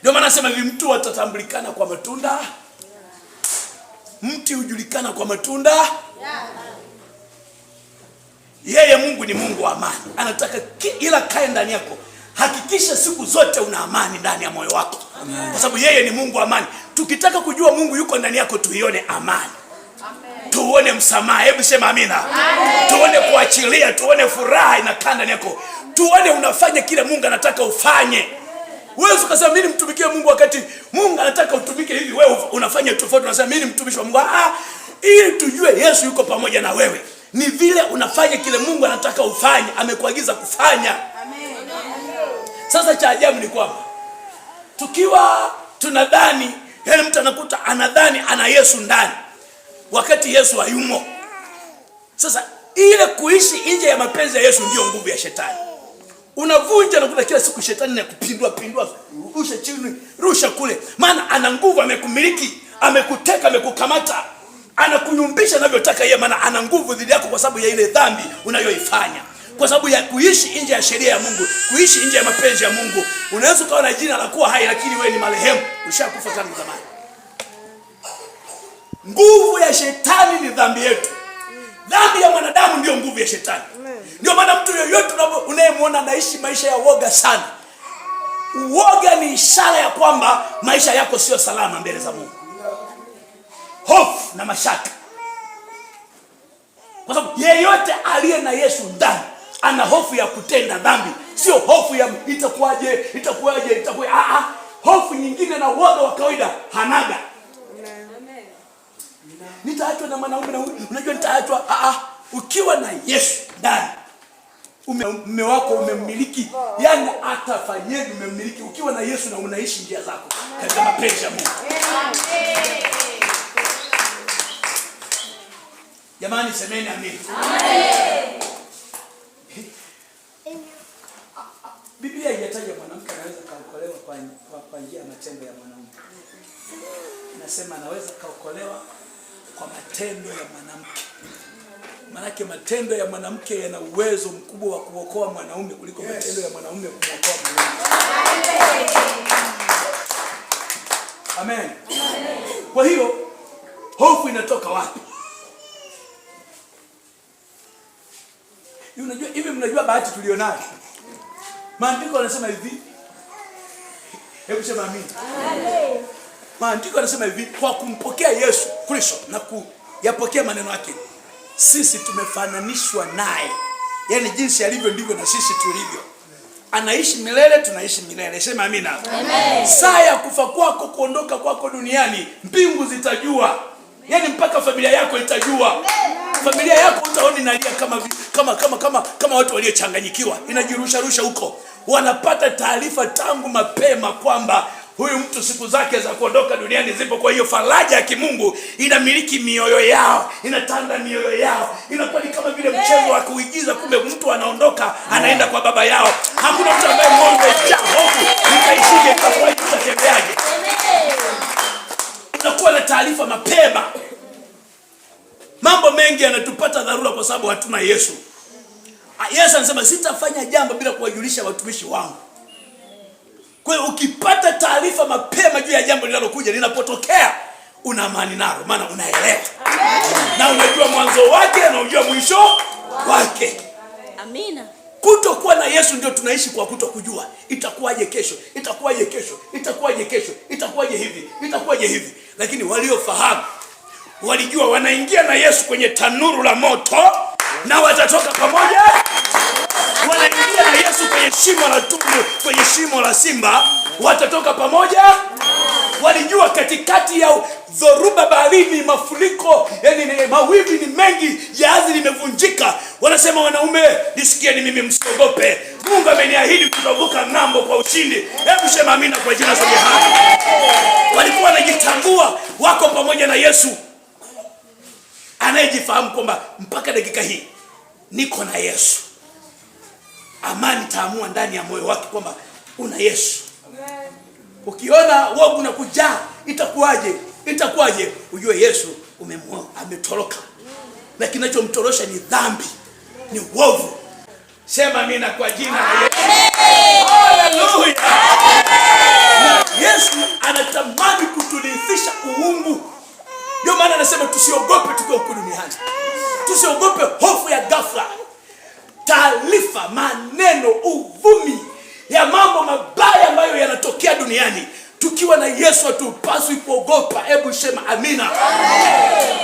Ndio maana nasema hivi, mtu atatambulikana kwa matunda. Mti hujulikana kwa matunda. Yeye Mungu ni Mungu wa amani, anataka ila kae ndani yako. Hakikisha siku zote una amani ndani ya moyo wako, kwa sababu yeye ni Mungu wa amani. Tukitaka kujua Mungu yuko ndani yako, tuione amani tuone msamaha. Hebu sema amina. Tuone kuachilia, tuone furaha inakaa ndani yako, tuone unafanya kile Mungu anataka ufanye. Wewe ukasema mimi nimtumikie Mungu wakati Mungu anataka utumike hivi, wewe unafanya tofauti, unasema mimi mtumishi wa Mungu. Ah, ah, ili tujue Yesu yuko pamoja na wewe. Ni vile unafanya kile Mungu anataka ufanye, amekuagiza kufanya. Amen. Sasa cha ajabu ni kwamba tukiwa tunadhani yani mtu anakuta anadhani ana Yesu ndani wakati Yesu hayumo. Sasa ile kuishi nje ya mapenzi ya Yesu ndiyo nguvu ya shetani unavunja na kuna kila siku shetani na kupindua pindua, rusha chini, rusha kule, maana ana nguvu, amekumiliki, amekuteka, amekukamata, anakunyumbisha anavyotaka yeye, maana ana nguvu dhidi yako kwa sababu ya ile dhambi unayoifanya, kwa sababu ya kuishi nje ya sheria ya Mungu, kuishi nje ya mapenzi ya Mungu. Unaweza ukawa na jina la kuwa hai, lakini wewe ni marehemu, ushakufa tangu zamani. Nguvu ya shetani ni dhambi yetu, dhambi ya mwanadamu ndiyo nguvu ya shetani. Ndio maana mtu yoyote unayemwona anaishi maisha ya woga sana, uoga ni ishara ya kwamba maisha yako sio salama mbele za Mungu, hofu na mashaka, kwa sababu yeyote aliye na Yesu ndani ana hofu ya kutenda dhambi, sio hofu ya itakuwaje, itakuwaje, itakuwa ah, ah, hofu nyingine na uoga wa kawaida hanaga nitaachwa na mwanaume na unajua nitaachwa. Ah, ah, ukiwa na Yesu ndani mume wako umemmiliki, yani hata fanyeni Umemmiliki ukiwa na Yesu na unaishi njia zako katika mapenzi ya Mungu. Jamani, semeni amen. Biblia haijataja mwanamke anaweza kaokolewa kwa kwa njia ya matendo ya mwanamke. nasema anaweza kaokolewa kwa matendo ya mwanamke. Maanake matendo ya mwanamke yana uwezo mkubwa wa kuokoa mwanaume kuliko yes, matendo ya mwanaume kumwokoa mwanamke. Amen. Amen. Kwa hiyo hofu inatoka wapi? Unajua hivi, mnajua bahati tulionayo. Maandiko yanasema hivi. Hebu sema amini. Amen. Maandiko yanasema hivi, kwa kumpokea Yesu Kristo na kuyapokea maneno yake sisi tumefananishwa naye, yaani jinsi alivyo ndivyo na sisi tulivyo. Anaishi milele, tunaishi milele. Sema amina. Saa ya kufa kwako, kuondoka kwako duniani, mbingu zitajua, yaani mpaka familia yako itajua. Familia yako utaona inalia kama, kama, kama, kama, kama watu waliochanganyikiwa, inajirusharusha huko, wanapata taarifa tangu mapema kwamba huyu mtu siku zake za kuondoka duniani zipo. Kwa hiyo faraja ya kimungu inamiliki mioyo yao, inatanda mioyo yao, inakuwa ni kama vile mchezo wa kuigiza, kumbe mtu anaondoka anaenda kwa baba yao. Hakuna mtu ambaye ng'ombe cha hofu itaishije, itakuwa itatembeaje? Unakuwa na taarifa mapema. Mambo mengi yanatupata dharura kwa sababu hatuna Yesu. Ah, Yesu anasema sitafanya jambo bila kuwajulisha watumishi wangu. Kwa hiyo ukipata linalokuja linapotokea una amani nalo, maana unaelewa na unajua mwanzo wake na unajua mwisho wake. Amina. Kutokuwa na Yesu ndio tunaishi kwa kuto kujua itakuwaje kesho, itakuwaje kesho, itakuwaje kesho, itakuwaje hivi, itakuwaje hivi. Lakini waliofahamu walijua wanaingia na Yesu kwenye tanuru la moto na watatoka pamoja, wanaingia na Yesu kwenye shimo la tumbo, kwenye shimo la simba watatoka pamoja walijua katikati ya dhoruba baharini, mafuriko yani mawimbi ni mengi, jahazi limevunjika. Wanasema, wanaume nisikieni mimi, msiogope, Mungu ameniahidi kutovuka ng'ambo kwa ushindi. Hebu sema amina kwa jina saja. Walikuwa wanajitambua wako pamoja na Yesu anayejifahamu kwamba mpaka dakika hii niko na Yesu. Amani taamua ndani ya moyo wake kwamba una Yesu. Ukiona wogu na kujaa, itakuwaje? Itakuwaje? Ujue Yesu umemwona ametoroka, na kinachomtorosha ni dhambi, ni uovu. Sema mina kwa jina la Yesu. Haleluya! Yesu anatamani kuturithisha uungu, ndio maana anasema tusiogope tukiwa huku duniani, tusiogope hofu ya ghafla, taarifa, maneno, uvumi ya mambo mabaya ambayo yanatokea duniani. Tukiwa na Yesu hatupaswi kuogopa. Hebu sema amina.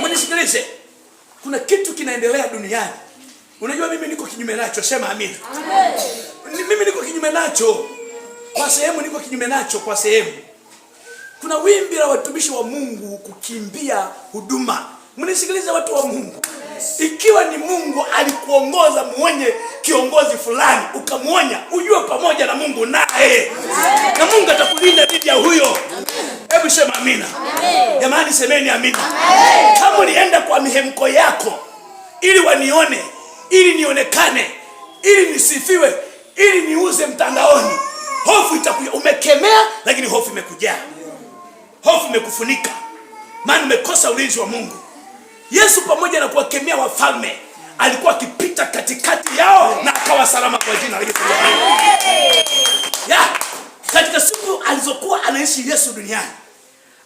Mnisikilize, kuna kitu kinaendelea duniani. Unajua mimi niko kinyume nacho. Sema amina. Amen. Mimi niko kinyume nacho kwa sehemu, niko kinyume nacho kwa sehemu. Kuna wimbi la watumishi wa Mungu kukimbia huduma. Mnisikilize watu wa Mungu. Ikiwa ni Mungu alikuongoza mwenye kiongozi fulani ukamwonya, ujue pamoja na Mungu naye na Mungu atakulinda dhidi ya huyo. Hebu sema amina. Jamani, semeni amina. Kama ulienda kwa mihemko yako ili wanione, ili nionekane, ili nisifiwe, ili niuze mtandaoni, hofu itakuja. Umekemea, lakini hofu imekujaa, hofu imekufunika, maana umekosa ulinzi wa Mungu. Yesu pamoja na kuwakemea wafalme alikuwa akipita katikati yao na akawa salama kwa jina la Yesu. Katika siku alizokuwa anaishi Yesu duniani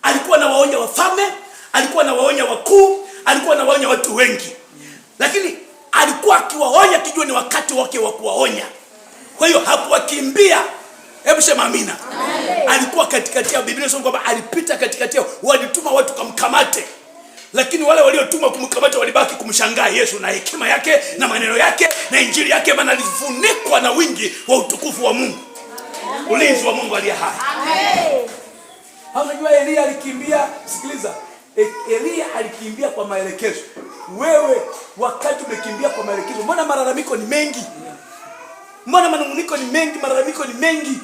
alikuwa anawaonya wafalme, alikuwa anawaonya wakuu, alikuwa anawaonya watu wengi, lakini alikuwa akiwaonya kijua ni wakati wake wa kuwaonya. Kwa hiyo hakuwakimbia. Hebu sema amina. Alikuwa katikati yao. Biblia inasema kwamba alipita katikati yao, walituma watu kamkamate lakini wale waliotumwa kumkamata walibaki kumshangaa Yesu na hekima yake na maneno yake na injili yake, maana alifunikwa na wingi wa utukufu wa Mungu, ulinzi wa Mungu aliye hai. Unajua Elia alikimbia, sikiliza e, Elia alikimbia kwa maelekezo. Wewe wakati umekimbia kwa maelekezo, mbona malalamiko ni mengi? Mbona manunguniko ni mengi? Malalamiko ni mengi.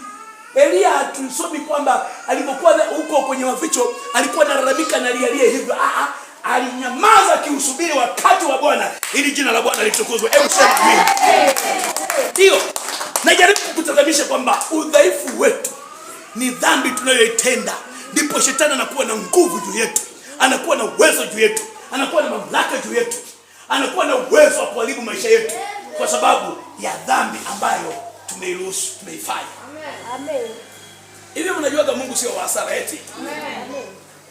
Elia hatusomi kwamba alipokuwa huko kwenye maficho alikuwa analalamika na lialia hivyo. ah, Ah, alinyamaza kiusubiri wakati wa Bwana ili jina la Bwana litukuzwe. Hebu sema amina. Ndio najaribu kukutazamisha kwamba udhaifu wetu ni dhambi tunayoitenda, ndipo shetani anakuwa na nguvu juu yetu, anakuwa na uwezo juu yetu, anakuwa na mamlaka juu yetu, anakuwa na uwezo wa kuharibu maisha yetu kwa sababu ya dhambi ambayo tumeiruhusu, tumeifanya. Hivi mnajuaga Mungu sio wa hasara eti? Amen.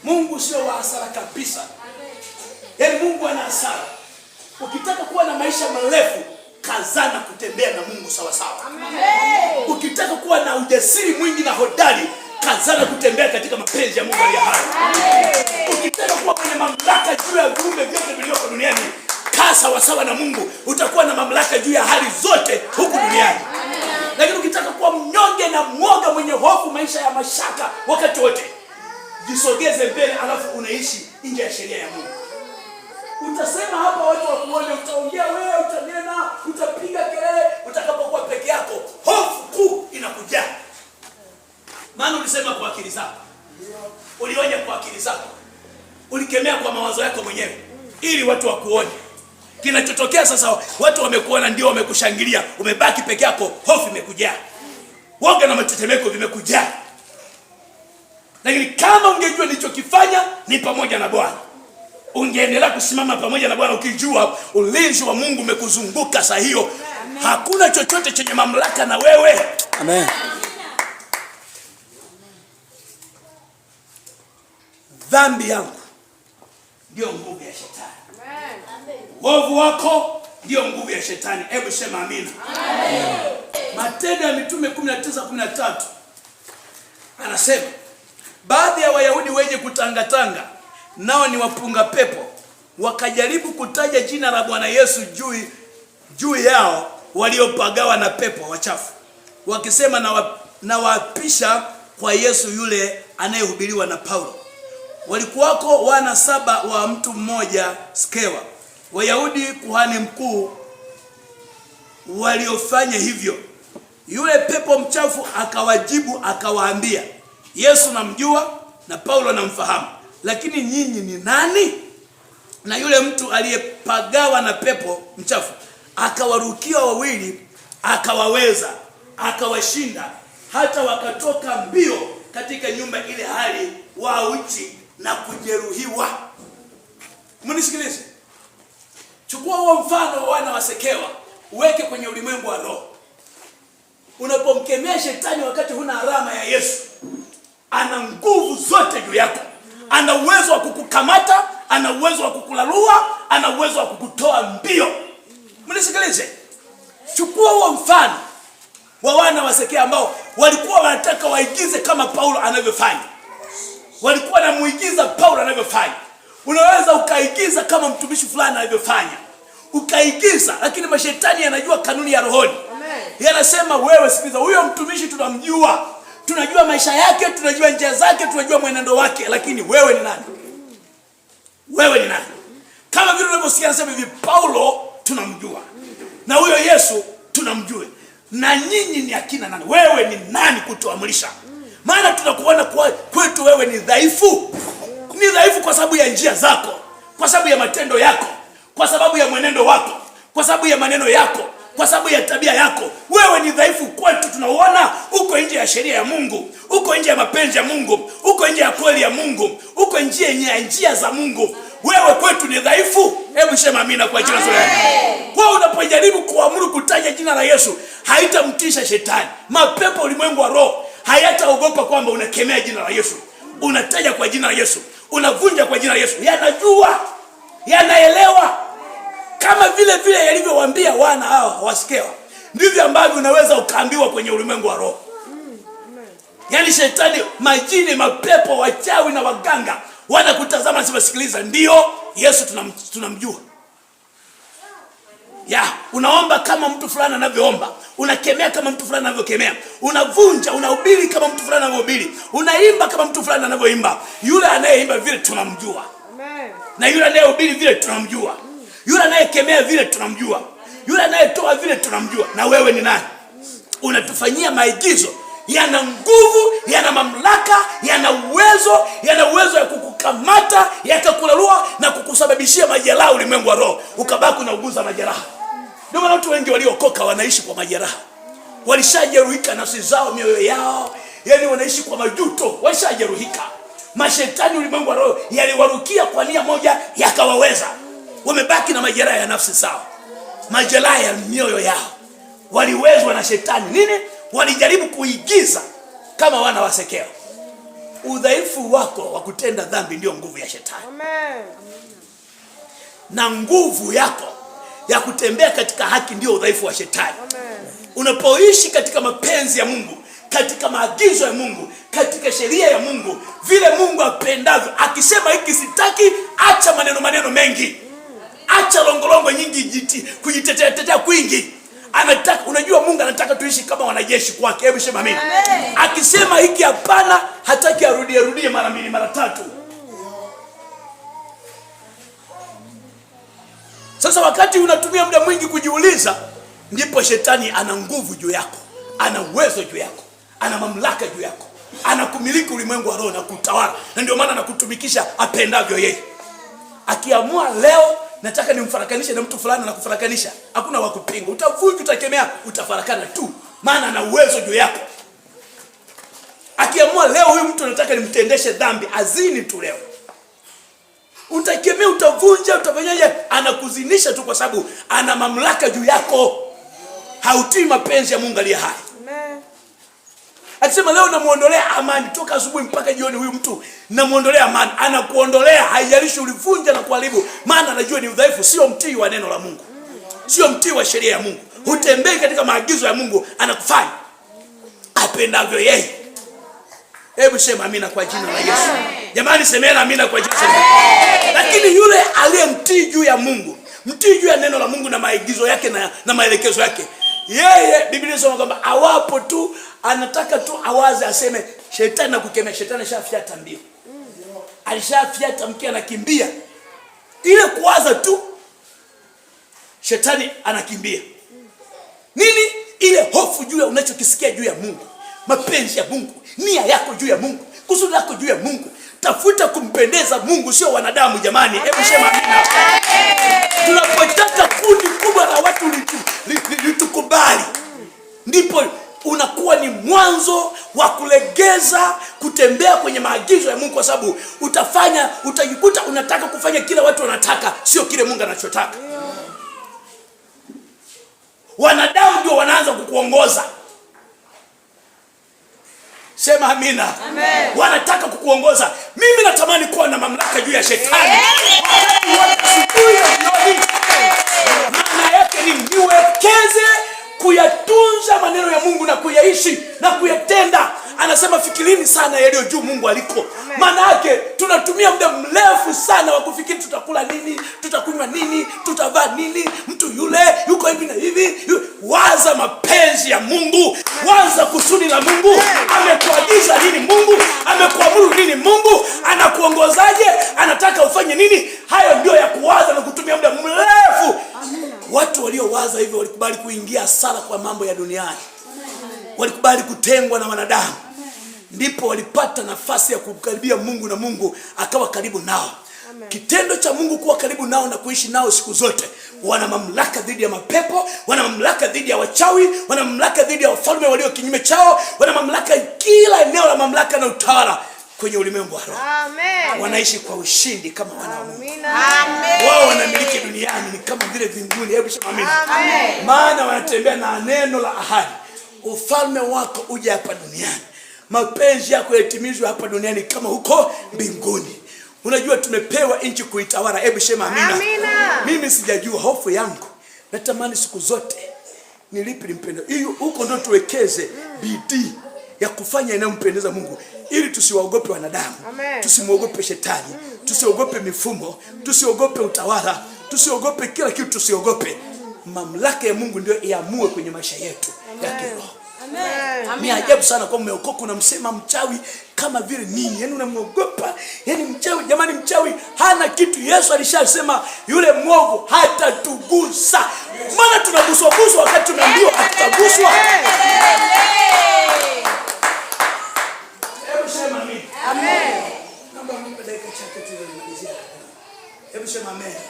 Mungu sio wa hasara kabisa. Yaani Mungu ana hasara. Ukitaka kuwa na maisha marefu, kazana kutembea na Mungu sawa sawa. Amen. Ukitaka kuwa na ujasiri mwingi na hodari, kazana kutembea katika mapenzi ya Mungu aliye hai. Amen. Ukitaka kuwa mwenye mamlaka juu ya viumbe vyote vilivyoko duniani, kaa sawa sawa na Mungu, utakuwa na mamlaka juu ya hali zote huku duniani. Lakini ukitaka kuwa mnyonge na mwoga mwenye hofu maisha ya mashaka wakati wote, jisogeze mbele, alafu unaishi nje ya sheria ya Mungu utasema hapa, watu wakuone, utaongea wewe, utanena, utapiga kelele. Utakapokuwa peke yako, hofu kuu inakuja, maana ulisema kwa akili zako, ulionya kwa akili zako, ulikemea kwa mawazo yako mwenyewe, ili watu wakuone. Kinachotokea sasa, watu wamekuona, ndio wamekushangilia, umebaki peke yako, hofu imekujaa, woga na matetemeko vimekujaa. Lakini kama ungejua nilichokifanya ni pamoja na Bwana ungeendelea kusimama pamoja na Bwana ukijua ulinzi wa Mungu umekuzunguka saa hiyo. Hakuna chochote chenye mamlaka na wewe. Amen. Dhambi yangu ndio nguvu ya shetani. Amen. Wovu wako ndio nguvu ya shetani. Hebu sema amina. Amen. Matendo ya Mitume 19:13 anasema baadhi ya Wayahudi wenye kutangatanga nao ni wapunga pepo, wakajaribu kutaja jina la Bwana Yesu juu juu yao waliopagawa na pepo wachafu, wakisema na, na kwa Yesu yule anayehubiriwa na Paulo. Walikuwako wana saba wa mtu mmoja Skewa, Wayahudi kuhani mkuu waliofanya hivyo. Yule pepo mchafu akawajibu akawaambia, Yesu namjua na Paulo namfahamu lakini nyinyi ni nani? Na yule mtu aliyepagawa na pepo mchafu akawarukia wawili, akawaweza, akawashinda, hata wakatoka mbio katika nyumba ile hali wauchi na kujeruhiwa. Mnisikilize, chukua huo mfano wa wana wasekewa, uweke kwenye ulimwengu wa roho. Unapomkemea shetani wakati huna alama ya Yesu, ana nguvu zote juu yako ana uwezo wa kukukamata, ana uwezo wa kukulalua, ana uwezo wa kukutoa mbio. Mnisikilize, chukua huo mfano wa wana wa Sekea ambao walikuwa wanataka waigize kama Paulo anavyofanya, walikuwa wanamuigiza Paulo anavyofanya. Unaweza ukaigiza kama mtumishi fulani anavyofanya, ukaigiza, lakini mashetani yanajua kanuni ya rohoni, yanasema wewe, sikiza, huyo mtumishi tunamjua tunajua maisha yake, tunajua njia zake, tunajua mwenendo wake, lakini wewe ni nani? Wewe ni nani? Kama vile unavyosikia anasema hivi, Paulo tunamjua na huyo Yesu tunamjue, na nyinyi ni akina nani? Wewe ni nani kutuamrisha? Maana tunakuona kwetu wewe ni dhaifu, ni dhaifu kwa sababu ya njia zako, kwa sababu ya matendo yako, kwa sababu ya mwenendo wako, kwa sababu ya maneno yako kwa sababu ya tabia yako. Wewe ni dhaifu kwetu, tunauona uko nje ya sheria ya Mungu, uko nje ya mapenzi ya Mungu, uko nje ya kweli ya Mungu, uko nje ya njia za Mungu. Wewe kwetu ni dhaifu. Hebu sema amina kwa jina la Yesu. Kwa unapojaribu kuamuru kutaja jina la Yesu, haitamtisha shetani. Mapepo ulimwengu wa roho hayataogopa kwamba unakemea jina la Yesu, unataja kwa jina la Yesu, unavunja kwa jina la Yesu. Yanajua, yanaelewa kama vile vile yalivyowaambia wana hawa wasikewa, ndivyo ambavyo unaweza ukaambiwa kwenye ulimwengu wa roho. Yaani shetani, majini, mapepo, wachawi na waganga wanakutazama, siwasikiliza. ndio Yesu tunam, tunamjua ya unaomba kama mtu fulani anavyoomba, unakemea kama mtu fulani anavyokemea, unavunja, unahubiri kama mtu fulani anavyohubiri, unaimba kama mtu fulani anavyoimba. Yule anayeimba vile tunamjua, na yule anayehubiri vile tunamjua. Yule anayekemea vile tunamjua, yule anayetoa vile tunamjua. Na wewe ni nani? Unatufanyia maigizo yana nguvu, yana mamlaka, yana uwezo, yana uwezo ya kukukamata, yakakulalua na kukusababishia majeraha, ulimwengu wa roho, ukabaki unauguza majeraha. Ndio maana watu wengi waliokoka wanaishi kwa majeraha, walishajeruhika nafsi zao, mioyo yao, yani wanaishi kwa majuto, walishajeruhika. Mashetani ulimwengu wa roho yaliwarukia kwa nia moja, yakawaweza wamebaki na majeraha ya nafsi zao, majeraha ya mioyo yao. Waliwezwa na shetani nini? Walijaribu kuigiza kama wana wa Sekeo. Udhaifu wako wa kutenda dhambi ndio nguvu ya shetani. Amen. Na nguvu yako ya kutembea katika haki ndio udhaifu wa shetani. Amen. Unapoishi katika mapenzi ya Mungu, katika maagizo ya Mungu, katika sheria ya Mungu, vile Mungu apendavyo, akisema hiki sitaki, acha maneno maneno mengi acha longolongo nyingi jiti, kujitetea tetea kwingi. Anataka unajua, Mungu anataka tuishi kama wanajeshi kwake. Hebu sema mimi, akisema hiki hapana, hataki arudie arudie mara mbili mara tatu. Sasa wakati unatumia muda mwingi kujiuliza, ndipo shetani ana nguvu juu yako, ana uwezo juu yako, ana mamlaka juu yako, anakumiliki ulimwengu wa roho na kutawala, na ndio maana anakutumikisha apendavyo yeye, akiamua leo nataka nimfarakanishe na mtu fulani na kufarakanisha, hakuna wa kupinga, utavunja, utakemea, utafarakana tu, maana ana uwezo juu yako. Akiamua leo, huyu mtu nataka nimtendeshe dhambi, azini tu leo, utakemea, utavunja, utafanyaje? Anakuzinisha tu, kwa sababu ana mamlaka juu yako. Hautii mapenzi ya Mungu aliye hai. Akasema leo namuondolea amani toka asubuhi mpaka jioni, huyu mtu namuondolea amani. Anakuondolea, haijalishi ulivunja na kuharibu, maana anajua ni udhaifu, sio mtii wa neno la Mungu, sio mtii wa sheria ya Mungu, hutembei katika maagizo ya Mungu, anakufanya apendavyo yeye. Hebu sema amina kwa jina la Yesu. Jamani, semeni amina kwa jina la Yesu. Lakini yule aliyemtii juu ya Mungu, mtii juu ya neno la Mungu na maagizo yake na, na maelekezo yake yeye Biblia inasema kwamba awapo tu anataka tu awaze aseme shetani nakukemea. Shetani alishafyata mbio, alishafyata mkia, anakimbia ile kuwaza tu, shetani anakimbia. Nini? Ile hofu juu ya unachokisikia juu ya Mungu, mapenzi ya Mungu, nia yako juu ya Mungu, kusudi lako juu ya Mungu. Tafuta kumpendeza Mungu, sio wanadamu. Jamani, hebu sema amina. Tunapotaka kundi kubwa la watu litukubali, ndipo unakuwa ni mwanzo wa kulegeza kutembea kwenye maagizo ya Mungu, kwa sababu utafanya, utajikuta unataka kufanya kile watu wanataka, sio kile Mungu anachotaka. Wanadamu ndio wanaanza kukuongoza. Sema amina. Amen. Wanataka kukuongoza. Mimi natamani kuwa na mamlaka juu ya shetani. Amen. kuyatunza maneno ya Mungu na kuyaishi na kuyatenda anasema fikirini sana yaliyo juu Mungu aliko. Maana yake tunatumia muda mrefu sana wa kufikiri tutakula nini, tutakunywa nini, tutavaa nini, mtu yule yuko hivi na hivi. Waza mapenzi ya Mungu, waza kusudi la Mungu. Amekuagiza nini Mungu? Amekuamuru nini Mungu? Anakuongozaje? Anataka ufanye nini? Hayo ndio ya kuwaza na kutumia muda mrefu. Watu waliowaza hivyo walikubali kuingia sala kwa mambo ya duniani walikubali kutengwa na wanadamu, ndipo walipata nafasi ya kukaribia Mungu na Mungu akawa karibu nao. Amen. Kitendo cha Mungu kuwa karibu nao na kuishi nao siku zote. Wana mamlaka dhidi ya mapepo, wana mamlaka dhidi ya wachawi, wana mamlaka dhidi ya wafalme walio kinyume chao, wana mamlaka kila eneo la mamlaka na utawala kwenye ulimwengu wa roho. Wanaishi kwa ushindi kama wana Mungu. Wao wanamiliki duniani ni kama vile vinguni Hebu Amen. Maana wanatembea na neno la ahadi ufalme wako uje hapa duniani, mapenzi yako yatimizwe hapa duniani kama huko mbinguni. Unajua tumepewa nchi kuitawala. Hebu sema amina. Mimi sijajua, hofu yangu natamani siku zote nilipi limpendeza hiyo, huko ndo tuwekeze bidii ya kufanya inayompendeza Mungu ili tusiwaogope wanadamu, tusimwogope shetani, tusiogope mifumo, tusiogope utawala, tusiogope kila kitu, tusiogope mamlaka ya Mungu ndio iamue kwenye maisha yetu ya Ni ajabu sana kwa mmeokoka, unamsema mchawi kama vile nini? Yaani unamwogopa, yaani mchawi. Jamani, mchawi hana kitu. Yesu alishasema yule mwovu hatatugusa. Maana tunaguswa guswa wakati tunaambiwa hatutaguswa. Hebu sema amen.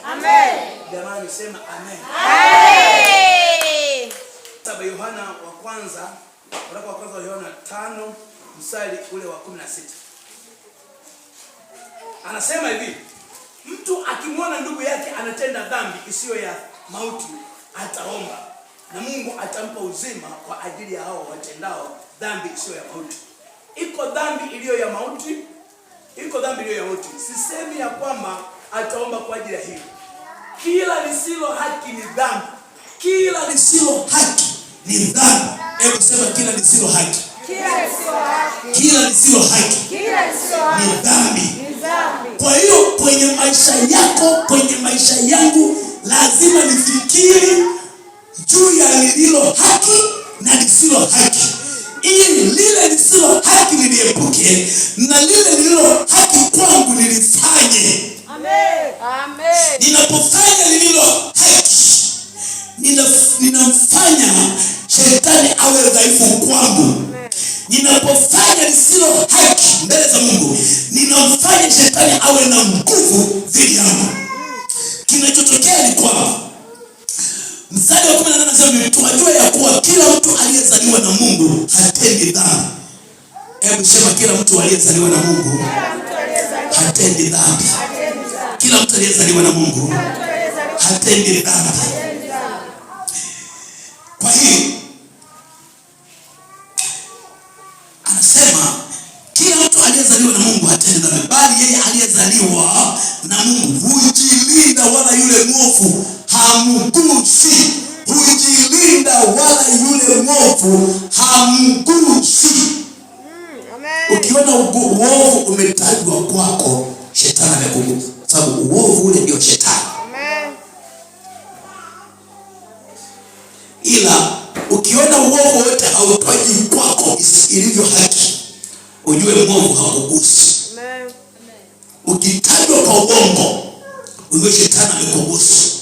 Amen. Jamani, sema amen. amen saba Yohana wa kwanza, waraka wa kwanza wa Yohana tano mstari ule wa sita Anasema hivi, mtu akimwona ndugu yake anatenda dhambi isiyo ya mauti ataomba na Mungu atampa uzima kwa ajili ya hao watendao dhambi isiyo ya mauti. Iko dhambi iliyo ya mauti, iko dhambi iliyo ya mauti. Sisemi ya kwamba ataomba kwa ajili ya hili. Kila lisilo haki ni dhambi, kila lisilo haki ni dhambi. Hebu sema kila lisilo haki, kila lisilo haki ni dhambi. Kwa hiyo kwenye maisha yako, kwenye maisha yangu, lazima nifikiri juu ya lililo haki na lisilo haki, ili lile lisilo haki niliepuke na lile lililo haki kwangu nilifanye. Amen. Amen. Ninapofanya shetani awe dhaifu kwangu. Ninapofanya lisilo haki mbele za Mungu, ninamfanya shetani awe na nguvu dhidi yangu. Kinachotokea ni kwamba mstari wa 18 anasema tuwajue ya kuwa kila mtu aliyezaliwa na Mungu hatendi dhambi. Hebu sema kila mtu aliyezaliwa na Mungu hatendi dhambi. Kila mtu aliyezaliwa na Mungu hatendi dhambi. Kwa hiyo aliyezaliwa na Mungu hatenda dhambi, bali yeye aliyezaliwa na Mungu hujilinda, wala yule mwovu hamgusi. Hujilinda, wala yule mwovu hamgusi. Ukiona uovu umetajwa kwako, shetani amekugusa, sababu uovu ule ndio shetani. Ila ukiona uovu wote hautoji kwako ilivyo haki ujue mwovu hakugusi. Ukitajwa kwa uongo, ujue shetani amekugusi.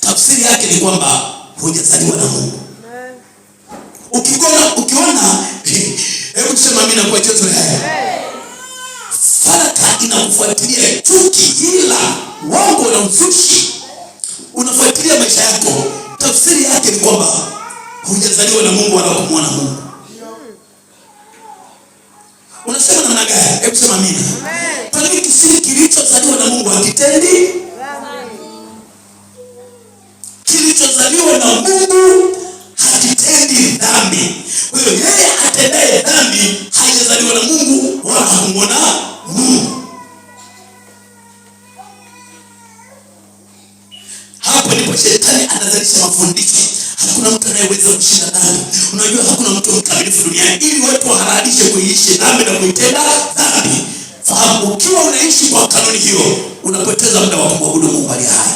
Tafsiri yake ni kwamba hujazaliwa na Mungu. Ukiona ukiona, hebu tuseme mimi nakuwa choto haya, faraka inakufuatilia, chuki, ila uongo na uzushi unafuatilia maisha yako. Tafsiri yake ni kwamba hujazaliwa na Mungu wala kumwona Mungu. Unasema namna gani? Hebu sema mimi. Kwa nini kisiri kilichozaliwa na Mungu hakitendi? Kilichozaliwa na Mungu hakitendi dhambi. Kwa hiyo yeye atendaye dhambi hajazaliwa na Mungu wala hakumwona Mungu. Hapo ndipo shetani anazalisha mafundisho Hakuna mtu anayeweza kushinda dhambi. Unajua hakuna mtu mkamilifu duniani, ili watu wahalalishe kuiishi dhambi na kuitenda dhambi. Fahamu, ukiwa unaishi kwa kanuni hiyo, unapoteza muda wa kumwabudu Mungu aliye hai.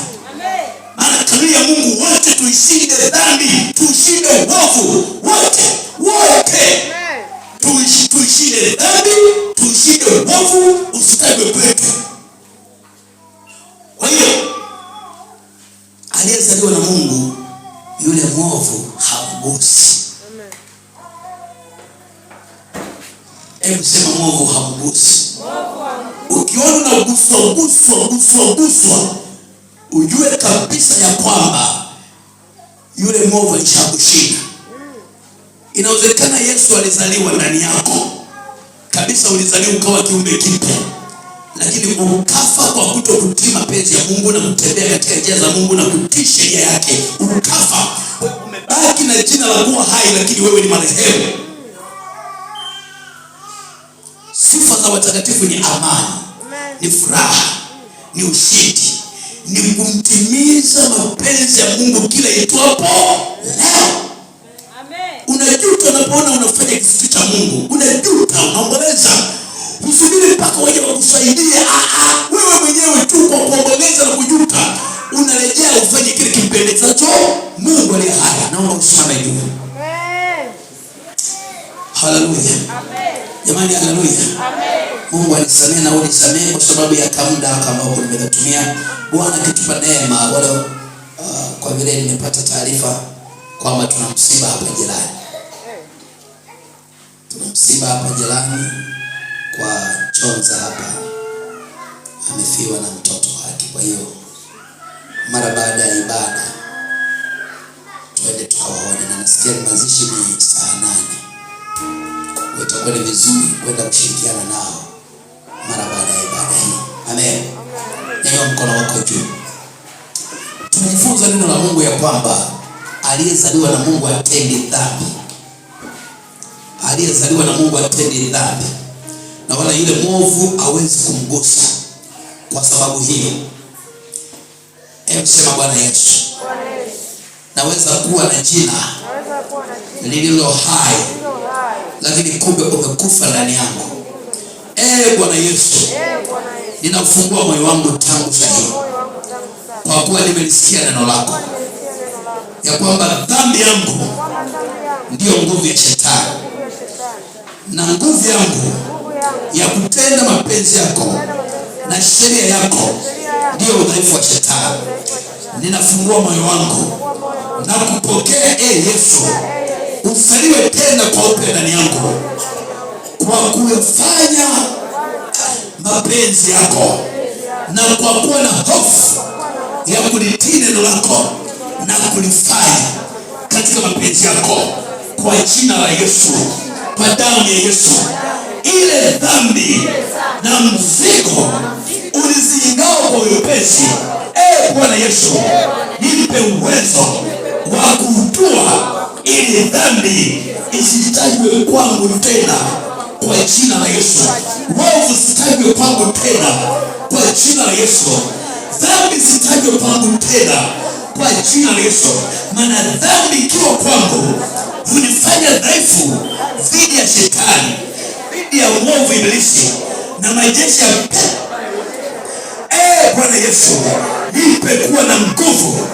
Maana kanuni ya Mungu, wote tuishinde dhambi, tuishinde uovu, wote wote tuishinde dhambi, tuishinde uovu, usitajwe kwetu. Kwa hiyo aliyezaliwa na Mungu yule mwovu hamgusi. Hebu sema mwovu hamgusi. Ukiona unaguswa guswa guswa guswa, ujue kabisa ya kwamba yule mwovu alishakushinda. Inawezekana Yesu alizaliwa ndani yako kabisa, ulizaliwa ukawa kiumbe kipya lakini ukafa kwa kuto kutii mapenzi ya Mungu na kutembea katika njia za Mungu na kutii sheria yake. Ukafa, umebaki na jina la kuwa hai, lakini wewe ni marehemu. Sifa za watakatifu ni amani, ni furaha, ni ushindi, ni kumtimiza mapenzi ya Mungu kila itwapo leo. Unajuta unapoona unafanya kitu cha Mungu, unajuta, unaomboleza kusubiri mpaka waje wakusaidie. Ah, ah. Wewe mwenyewe tu kwa kuomboleza na kujuta unarejea ufanye kile kimpendezacho Mungu aliye hai. Naomba usimame juu. Haleluya, jamani, haleluya. Mungu alisamehe na ulisamehe kwa sababu ya kamda kama nimetumia. Bwana kitupa neema wala uh, kwa vile nimepata taarifa kwamba tuna msiba hapa jirani, tuna msiba hapa jirani kwa Chonza hapa amefiwa na mtoto wake. Kwa hiyo mara baada ya ibada twende tukawaone, na nasikia mazishi ni saa nane. Itakuwa ni vizuri kwenda kushirikiana nao mara baada ya ibada hii. Amen. Nyanyua mkono wako juu. Tumefunza neno la Mungu ya kwamba aliyezaliwa na Mungu atendi dhambi, aliyezaliwa na Mungu atendi dhambi na wala ile mwovu awezi kumgusa. Kwa sababu hiyo, emsema Bwana Yesu, naweza kuwa na jina lililo hai, lakini kumbe umekufa ndani yangu. Ee Bwana Yesu, ninafungua moyo wangu tangu sahii kwa kuwa nimelisikia neno lako ya kwamba dhambi yangu ndiyo nguvu ya shetani na nguvu yangu ya kutenda mapenzi yako na sheria yako ndiyo udhaifu wa shetani. Ninafungua moyo wangu na kupokea, e Yesu, usaliwe tena kwa upya ndani yangu kwa kuyafanya mapenzi yako na kwa kuwa na hofu ya kulitii neno lako na kulifanya katika mapenzi yako, kwa jina la Yesu, kwa damu ya Yesu ile dhambi na mzigo ulizingao kwa wepesi. E Bwana Yesu, nipe uwezo wa kutua ili dhambi isitajwe kwangu tena, kwa jina la Yesu. Wovu sitajwe kwangu tena, kwa jina la Yesu. Dhambi sitajwe kwangu tena, kwa jina la Yesu. Maana dhambi ikiwa kwangu hunifanya dhaifu dhidi ya Shetani dhidi ya uovu Ibilisi na majeshi ya eh, Bwana Yesu, nipe kuwa na nguvu